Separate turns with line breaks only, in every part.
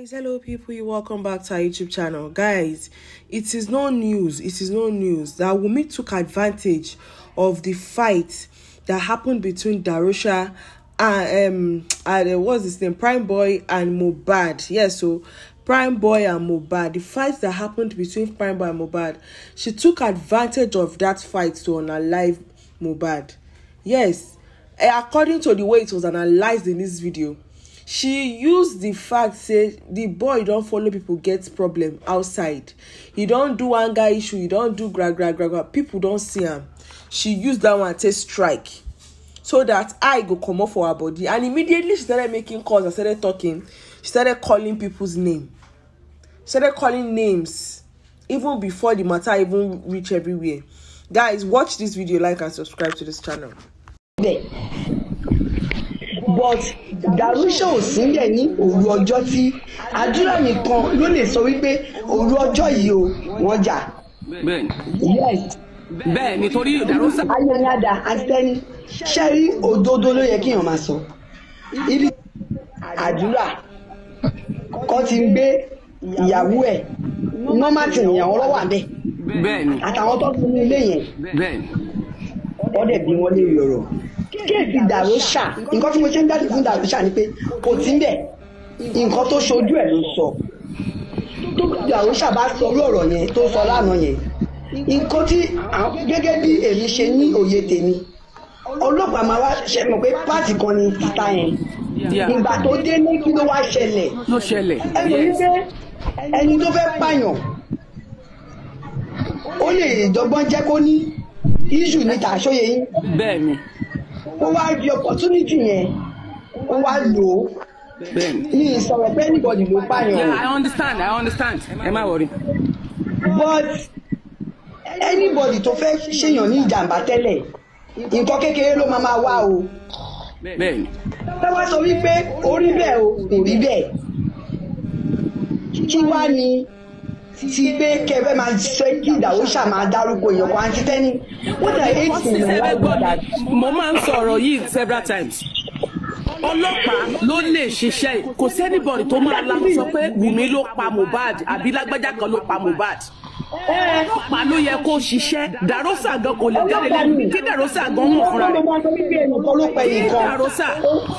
guys hello people you welcome back to our youtube channel guys it is no news it is no news that wumi took advantage of the fight that happened between Darusha and um and uh, what's his name prime boy and mobad yes yeah, so prime boy and mobad the fight that happened between prime boy and mobad she took advantage of that fight to unalive mobad yes eh, according to the way it was analyzed in this video she use the fact say the boy don follow people get problem outside he don do anger issue he don do gra gra gra gra people don see am she use that one take strike so that eye go comot for her body and immediately she started making calls and started talking she started calling people's name she started calling names even before the matter even reach everywhere guys watch this video like and subscribe to this channel.
Yeah but Darusha ò sílẹ̀ ní òru ọjọ́ tí àdúrà nìkan ló lè sọ wípé òru ọjọ́ yìí o wọ́n jà. yes bẹ́ẹ̀ nítorí Darusha. ayọ̀nàdà àtẹni ṣẹ́rí òdodo ló yẹ kéèyàn máa sọ ibi àdúrà kọ́ ti ń gbé ìyàwó ẹ̀ nọ́mà tì nìyàwó lọ́wọ́ àbẹ́ àtàwọn tó ti ilé yẹn ọ̀dẹ̀ bí wọ́n lè yọ̀rọ̀ kéèdì dàrósà nǹkan tí mo ṣe ń dájú fún dàrósà ni pé kò tí ń bẹ̀ nǹkan tó ṣojú ẹ̀ ló sọ tó dàrósà bá sọ orí ọ̀rọ̀ yẹn tó sọ lánàá yẹn nǹkan tí gẹ́gẹ́ bí èmi ṣe ní òye tèmi ọlọ́pàá máa wá ṣe mọ̀ pé páàtì kan ni títà yẹn ìgbà tó dé ní kí ló wá ṣẹlẹ̀ ló ṣẹlẹ̀ ẹni ẹni tó fẹ́ pààyàn ó lè dọ́gbọ́n jẹ́ kó ní iṣu níta ṣóyeyín. bẹ́ẹ̀ ni ó wá rí opportunity yẹn ó wá lò ó ní ìsọ̀rọ̀ pé anybody ló pààyàn o. yeah i
understand i understand ẹ má wọrí.
but anybody tó fẹ́ ṣèyàn ní ìjàmbá tẹ́lẹ̀ nǹkan kékeré ló máa máa wá o. bẹ́ẹ̀ni. ẹ wá sọ wípé orí bẹ́ẹ̀ o kò rí bẹ́ẹ̀ kí wá ni ti gbé kẹfẹ́ máa ṣe kí ìdàwó ṣà máa dárúkọ èèyàn kan àti tẹ́ni wọ́n dà eight to gbọ́dọ̀.
mo máa ń sọ̀rọ̀ yìí several times ọlọ́pàá ló lè ṣiṣẹ́ kò sẹ́nìbọ̀dì tó máa la pé Wùmí ló pa Mohbad àbí lágbájá kan ló pa Mohbad ọlọ́pàá ló yẹ kó ṣiṣẹ́ dàrósà gan kò lè jáde lẹ́nu kí dàrósà gan mọ̀ fúnra
rẹ̀ kí dàrósà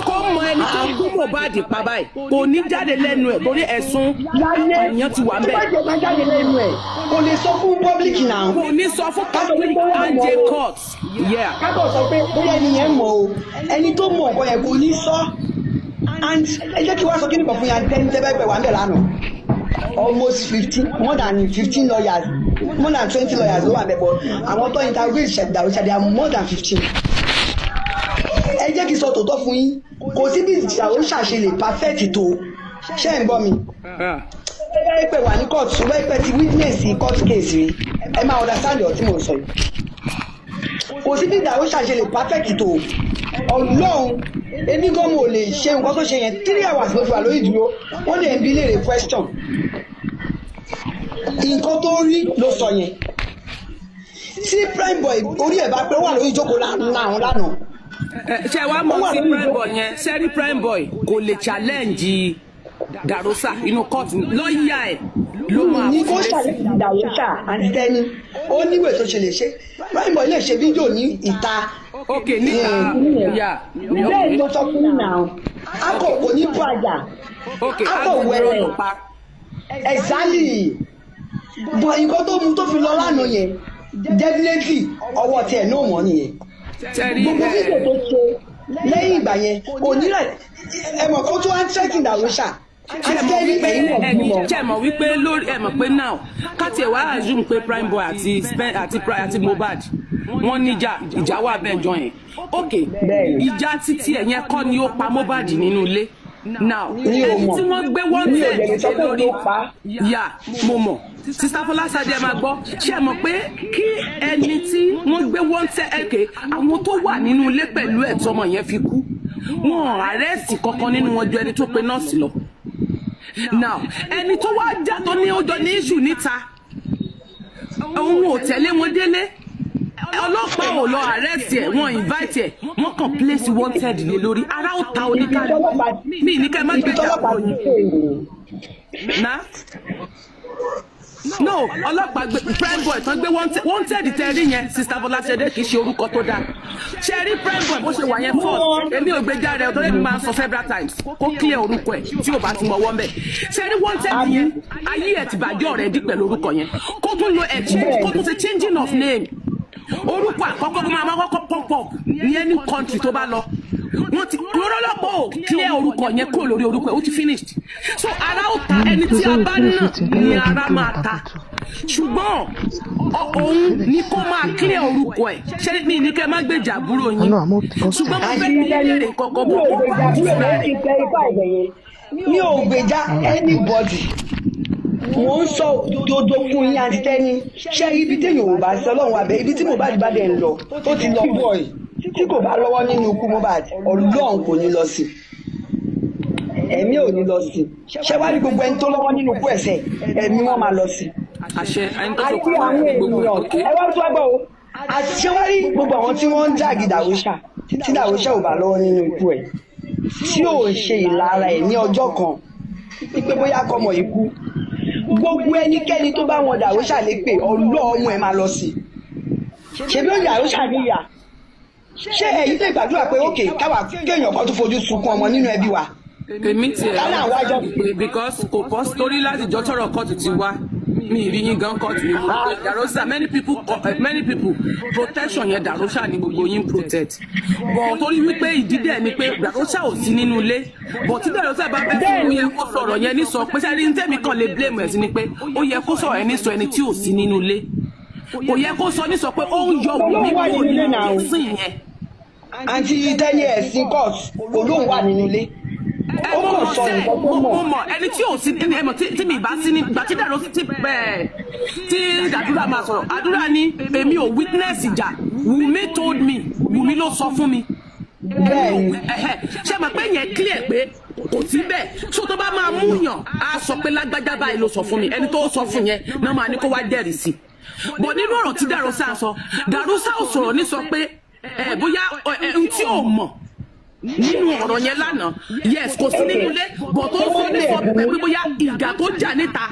kó mọ ẹni tó kú Mohbad pa báyìí kò ní jáde lẹ́nu ẹ̀ torí ẹ̀sùn ọ̀yàn ti wà ńbẹ̀. kò ní sọ fún public náà. kò ní sọ fún public and the court. kábọ̀ sọ pé bóyá ẹni yẹn mọ̀
o ẹni tó mọ̀ ọ̀pọ̀ yẹn kò ní sọ and ẹ jẹ́ kí wọ́n sọ kí ni bọ̀ fún yà dẹ́ntẹ́ bẹ́ẹ̀ bẹ̀ wà ń bẹ̀ lánàá almost fifteen more than fifteen lawyers more than twenty lawyers ló wà bẹ́ẹ̀ bọ́ àwọn tó interview ìṣẹ̀dá ìṣẹ̀dá more than fifteen ẹ jẹ́ kí n sọ tòótọ́ fún yín kò sí bí ìṣàwọ́ṣà ṣe lè perfect tó ṣé ń gbọ́ mi ẹ pè wà ní court ṣùgbọ́n ẹ ti witness court case rí ẹ máa understand ọ̀ tí mo sọ yìí kò sí bí ìṣàwọ́ṣà ṣe lè perfect tó ọlọ́run èmi gan mo lè ṣe nǹkan tó ṣe yẹn three hours ló fà lórí ìdúró wọ́n lè bi léèrè question nǹkan tó rí ló sọ yẹn tí prime boy orí ẹ̀ bá pé wà lórí ìjókòó lánàá lánàá
ṣe wá mọ sí prime boy yẹn sẹ́rí prime boy kò lè challenge darosa inú court lọ́ọ̀yà
ẹ̀ ló máa fún un. ní kó ṣàlẹ́ darosa àti tẹ́ni ó níwèé tó ṣe lè ṣe prime boy lè ṣe fídíò ní ìta okay níta yà. bẹ́ẹ̀ ló sọ fún mi náà akọ kò ní bọ àjà akọ wẹrẹ exactly bọ̀ nǹkan tó mu tó fi lọ lánàá yẹn definitely ọwọ́ tiẹ̀ náà mọ̀ nìyẹn gbogbo fídíò tó ṣe lẹ́yìn ìgbà yẹn kò nílẹ̀ ẹ̀mọ̀ kó tó wá ń trekking dàrú ṣáà
jẹ́ mọ̀ wípé lórí ẹ̀mọ̀ pé now ká tiẹ̀ wá assume pé Primeboy àti àti Mohbad wọ́n níjà ìjà wà bẹ́ẹ̀ jọ yẹn ok ìjà títí ẹ̀ yẹn kọ́ ni ó pa Mohbad nínú ilé now ẹni tí wọ́n gbé wọ́n tẹ̀ ṣe lórí yà mo mọ̀ sista fọlásadé máa gbọ́ ṣe mọ̀ pé kí ẹni tí wọ́n gbé wọ́n tẹ̀ ẹ̀kẹ́ àwọn tó wà nínú ilé pẹ̀lú ẹ̀ tọmọ yẹn fi kú wọn àrẹ́sì kankan nínú wọn ju ẹni tó pe nọ́ọ̀sì lọ now ẹni tó wá jà tó ní ó jọ ní ìṣù níta òun ò tẹ̀lé wọn délé ọlọ́pàá ò lọ àrẹ́sì ẹ̀ wọ́n invite ẹ̀ wọ́n kàn place wanted lé lórí ara ó ta oníkálukú mi ní kẹ́ ẹ má gbé ìjà pọ̀ na no ọlọ́pàá prime boy tán gbé wanted tẹ́rí yẹn sista Fọláṣadé kì í ṣe orúkọ tó dáa ṣe rí prime boy bó ṣe wà yẹn fọ́ọ̀t èmi ò gbé jáde ọ̀tọ́ lẹ́nu máa ń sọ several times kó clear orúkọ ẹ̀ tí ò bá ti mọ̀ wọ́n bẹ̀ ṣe rí wanted yẹn ayé ẹ̀ ti bàjẹ́ ọ̀rẹ́ dípẹ̀ lórúkọ yẹn kó tún lo exchange kó tún ṣe changing of name orúkọ àkọ́kọ́ kó máa kọ́kọ́ pọ̀pọ̀ ní any country tó bá lọ wọ́n ti lọ́lọ́pọ̀ ò clear orúkọ yẹn kúrò lórí orúkọ ẹ̀ ó ti finished so ara ó ta ẹni tí a bá nà ni ara máa ta ṣùgbọ́n òun ni kó máa clear orúkọ ẹ̀ ṣé mi ní kẹ́ ẹ má gbèjà àbúrò yín ṣùgbọ́n mo fẹ́ kí ilé
rẹ̀ kọ̀ọ̀kan bó kó bá jù rẹ̀. mi ò gbèjà anybody mò ń sọ òdodo fún yín àti tẹ́ni ṣé ibi téèyàn ò bá sí ọlọ́run àbẹ ibi tí Mohbad bá dẹ̀ ń lọ tó ti lọ bọ̀ ẹ̀ tí kò bá lọ́wọ́ nínú ikú Mohbad ọlọ́run kò ní lọ sí ẹ̀mí ò ní lọ sí ṣé wàá rí gbogbo ẹni tó lọ́wọ́ nínú ikú ẹ̀ṣẹ̀ ẹ̀mí wọn máa lọ sí. àṣẹ ẹni tó tó kọ́ àwọn ènìyàn ẹ wá tó gbọ́ o àti ṣé wàá rí gbogbo àwọn tí wọ́n ń jáàgì dàwọ́ṣà tí dàwọ́ṣà ò bá lọ́wọ́ nínú ikú ẹ̀ tí ò ń ṣe ìlara ẹ̀ ní ọjọ́ kan wípé bóyá kọmọ ikú gbogbo ẹnikẹ́ni tó bá wọn dàrúṣà lépè ọlọ́ ọmọ ẹ máa lọ sí i ṣebí ó dàrúṣà níyà ṣé ẹ̀yin tẹ̀ gbàdúrà pé ókè káwa kéèyàn kan tó fojú sunkún ọmọ nínú ẹbí wa. èmi tiẹ̀ ẹ̀
because kò pọ́ torí láti jọ́ tọ̀rọ̀ kóòtù ti wá mi ìrí yín gan kọ́ọ̀tù ni mo rò pé dàrósà many people eh, many people protection yẹn dàrósà ni gbogbo yín protect bọ̀ torí wípé ìdí dẹ̀ ni pé dàrósà ò sí nínú ilé bọ̀ tí dàrósà bá bẹ́ẹ̀ fún un yẹ kó sọ̀rọ̀ yẹn ní sọ pé sẹ́ni tẹ́mi kan lè blame ẹ̀ sí ni pé ó yẹ kó sọ̀rọ̀ yẹn ní sọ ẹni tí ò sí nínú ilé kò yẹ kó sọ ní sọ pé ó ń yọ wùmí kúrò nínú ìsìn yẹn.
àǹtí táyé ẹ̀sìn court olóhùn wà nínú ilé ẹ mo mọ̀ sẹ mo
mọ̀ ẹni tí ò sí ẹ mọ̀ tí mi ìbá sí ní ìgbà tí dàrú ti bẹ́ẹ̀ tí àdúrà máa sọ̀rọ̀ àdúrà ni èmi ò witness ìjà Wùmí told me Wùmí ló sọ fún mi ṣe mọ̀ pé yẹn clear pé kò sí bẹ́ẹ̀ so tó bá máa mú yàn á sọ pé lágbájá báyìí ló sọ fún mi ẹni tó sọ fún yẹn náà máa ní kó wá jẹ́rìí sí bọ̀ nínú ọ̀rọ̀ tí dàrú sáà sọ dàrú sáà sọ̀rọ̀ ní sọ pé bóyá n tí ò mọ̀ nínú ọ̀rọ̀ yẹn lánàá yes kò sí nínú ilé bọ̀ tó sọ ní sọ pé bóyá ìgbà tó jà níta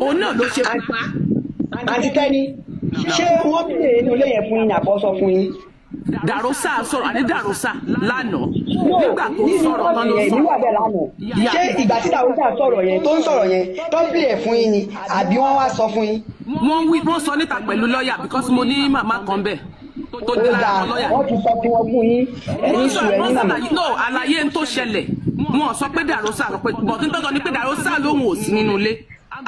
òun náà ló ṣe pupa. àti kẹ́ni ṣé
wọ́n bèèrè nínú ilé yẹn fún yín àbọ̀ sọ fún yín.
dàrósà sọ̀rọ̀ àní dàrósà lánàá
nígbà tó sọ̀rọ̀ náà ló sọ̀rọ̀. ṣé ìgbà tí dàrósà sọ̀rọ̀ yẹn tó ń sọ̀rọ̀ yẹn tó ń bèèrè fún yín ni àbí wọ́n wá sọ fún yín. wọ́n sọ níta pẹ̀lú lọ́ọ̀yà
because mo ní màmá kan bẹ́ẹ̀ tó jẹ́ lára àwọn lọ́ọ̀yà.
wọ́n ti sọ kí wọ́n fún yín ẹ̀yìn sùn ẹ̀yìn nà. no
àlàyé ń tó ṣẹlẹ̀ wọn sọ pé dàrósà ló pé bọ̀ tuntun sọ ni pé dàrósà lòun ò sí nínú ilé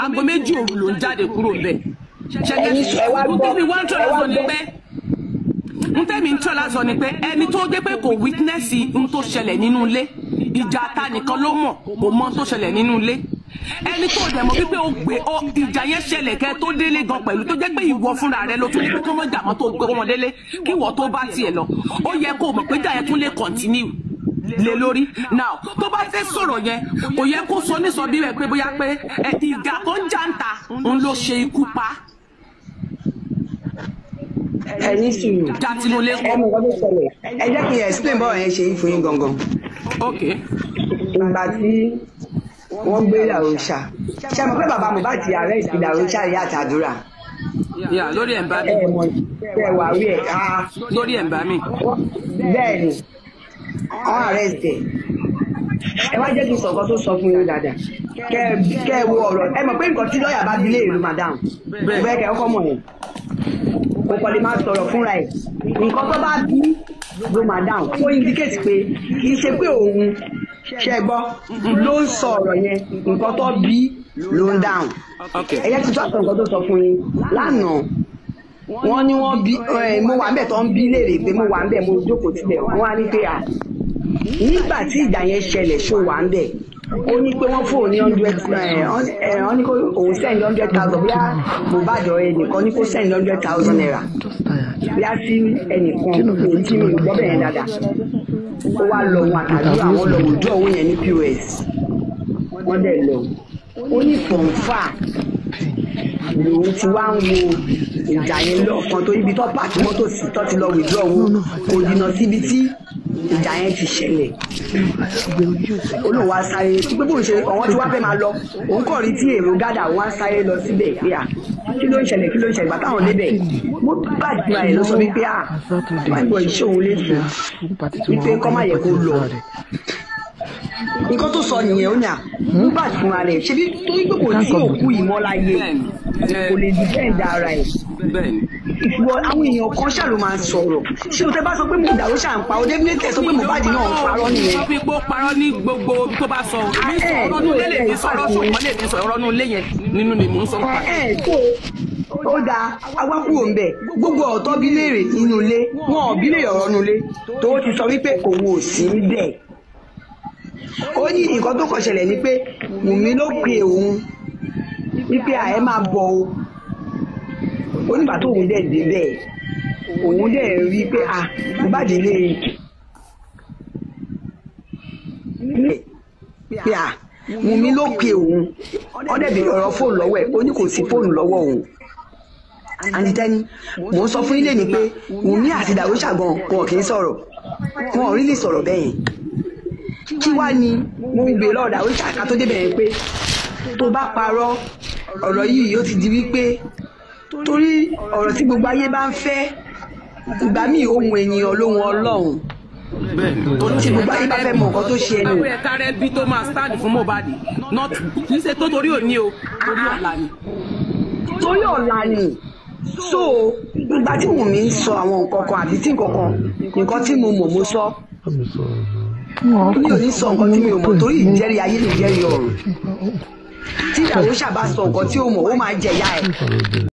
aago méjì òru ló ń jáde kúrò bẹ́ẹ̀. ẹ̀yìn sùn ẹ̀ wá gbọ́ ẹ̀ wá gbọ́ ntẹ́mi ń sọ ni pé ẹni tó dé pé kò wítínẹ́sì ń ṣẹlẹ̀ nínú ilé ìjà ta nìkan ló mọ̀ kò mọ̀ tó ṣẹlẹ̀ nínú ilé ẹni tó dẹ̀ mọ̀ wípé o gbé ọ ìjà yẹn ṣẹlẹ̀ kẹ́ tó délé gan pẹ̀lú tó jẹ́ pé ìwọ fúnra rẹ ló tún ní kókó mọ́ ìjàmọ́ tó gbé wọn délé kí ìwọ tó bá tiẹ̀ lọ ó yẹ kó o mọ̀ pé ìjà yẹn tún lè continue lé lórí now tó bá fẹ́ sọ̀rọ̀ yẹn kò yẹ kó sọ nísọ bí rẹ pé bóyá
pé ìgà tó ń jàǹtà ń ló ṣe ikú pa ẹni sùúrù dátinúlé ọmọ ìwọ́n tó ṣẹlẹ̀ ẹ jẹ́ kí n explain bọ́ọ̀ yẹn ṣe é fún yín gangan. ok. ìgbà tí wọ́n gbé làròṣà ṣe mọ̀ pé bàbá Mohbad ti ààrẹ ìsìn làròṣà yìí àtàdúrà. lórí ẹ̀ǹbá mi. ẹ mọ̀ ẹ wà rí ẹ̀ ká. Ah. lórí ẹ̀ǹbá mi. bẹ́ẹ̀ ni wọ́n ààrẹ ìsìn ẹ wá jẹ́ kí n sọ nǹkan tó sọ fún yín dáadáa kẹ́ ẹ wo ọ̀rọ̀ ẹ mọ̀ pé nǹkan tí lọ́ọ̀yà bá bilé ìlú madam bẹ́ẹ̀ kẹ́ ọkọ mọ̀ yẹn kò kọ́ lè máa sọ̀rọ̀ fúnra ẹ̀ nǹkan tó bá bí ló madam ó indicate pé kì í ṣe pé òun ṣe gbọ́ ló ń sọ ọ̀rọ̀ yẹn nǹkan tó bí ló ń dáhùn ẹ̀yẹ ti tó àtọ̀ nǹkan tó sọ fún yín lánàá wọ́n ní wọ́n bí mo wà ń bẹ̀ tó ń bí léèrè pé mo wà ń bẹ̀ mo jókòó síbẹ̀ wọ́n á ní pé à nígbà tí ìjà yẹn ṣẹlẹ̀ ṣó wà ń bẹ̀ ó ní pé wọ́n fóun ní hundred wọ́n ní kó òun send hundred thousand bóyá Mohbad ọ̀rẹ́ nìkan ní kó send hundred thousand naira bóyá sí ẹnìkan òun tí mi ò gbọ́ bẹ̀rẹ̀ dáadáa ó wá lọ wọn àtàdúró àwọn lọ owó yẹn ní pos wọ́n dẹ̀ lọ ó ní fọ̀nfà lòun ti wá ń wo ìjà yẹn lọ́ọ̀kan tó ibi tó pàtí mọ́tò sí tó ti lọ withdraw wọn kò jìnnà síbi tí ìjà yẹn ti ṣẹlẹ̀ olùwà sáré pé bóun ṣe ọ̀wọ́n ti wá fẹ́ máa lọ òun kọ̀ rí tí èrò gádà wá sáré lọ síbẹ̀ pé à kí ló ń ṣẹlẹ̀ kí ló ń ṣẹlẹ̀ ìgbà táwọn débẹ̀ mo bá ìgbà yẹn sọ wípé à wọ́n iṣẹ́ òun lè fún wípé kọ́ má yẹ kó lọ nǹkan tó sọ nìyẹn ó ní mú bàtúnra rẹ̀ ṣebí torí pé kò sí òkú ìmọ́láyé kò lè dìbẹ́ǹdà ara ẹ̀ ìwọ àwọn èèyàn kan ṣáà ló máa ń sọ̀rọ̀ ṣé o tẹ bá sọ pé Mohbad ló ṣáà ń pa o débìlẹ tẹ sọ pé Mohbad náà ń parọ́ nìyẹn.
mi ò parọ́ ní gbogbo tó bá sọ eh, mi sọ ọ̀rọ̀ nù lé lè mi sọ ọ̀rọ̀ sọ̀rọ̀ lè mi sọ ọ̀rọ̀ nù lé yẹn nínú ni mò ń sọ pa eh,
eh, ó dáa awákú òǹbẹ gbogbo ọ̀tọ́ bí léèrè nínú ilé wọn ò bí léèrè ọ̀rọ̀ nínú ilé tó ti sọ wípé òun ò sí níbẹ̀ ó ní nǹkan tó kàn ṣẹlẹ̀ ni pé wùmí ló pe òun wípé àẹ máa bọ̀ o onígbà tó òun dẹ̀ débẹ̀ òun dẹ̀ rí pé a ìbàdí ilé e. pé a Wùmí ló pe òun ọ̀dẹ̀ bèrè ọ̀rọ̀ fóònù lọ́wọ́ ẹ̀ ó ní kò sí fóònù lọ́wọ́ òun àǹtítẹ́ni mò ń sọ fún ilé mi pé Wùmí àti Dàrúṣà gan wọn kì í sọ̀rọ̀ wọn ò rí lè sọ̀rọ̀ bẹ́ẹ̀ yẹn kí wá ni mo ń gbé lọ́ọ̀dà Dàrúṣà ká tó yẹn pé tó bá parọ́ ọ̀rọ̀ yìí yóò ti di wípé torí ọ̀rọ̀ tí gbogbo ayé bá ń fẹ́ ìgbà míì ohun ènìyàn lóhun ọlọ́run torí tí gbogbo ayé bá fẹ́ mọ nǹkan tó ṣe ẹnu. báwo ẹ
tara ẹbí tó máa stand fún Mohbad kì í ṣe tó torí òní o torí ọ̀la ni.
torí ọ̀la ni so ìgbà tí mò ń sọ àwọn nǹkan kan àbí tí nǹkan kan nǹkan tí mo mọ̀ mo sọ mi ò ní sọ nǹkan tí mi ò mọ̀ torí ìjẹ́rìí ayé lè jẹ́rìí ọ̀run tí ìyàwó nǹkan tí ó mọ̀ ó máa jẹ̀yà ẹ̀.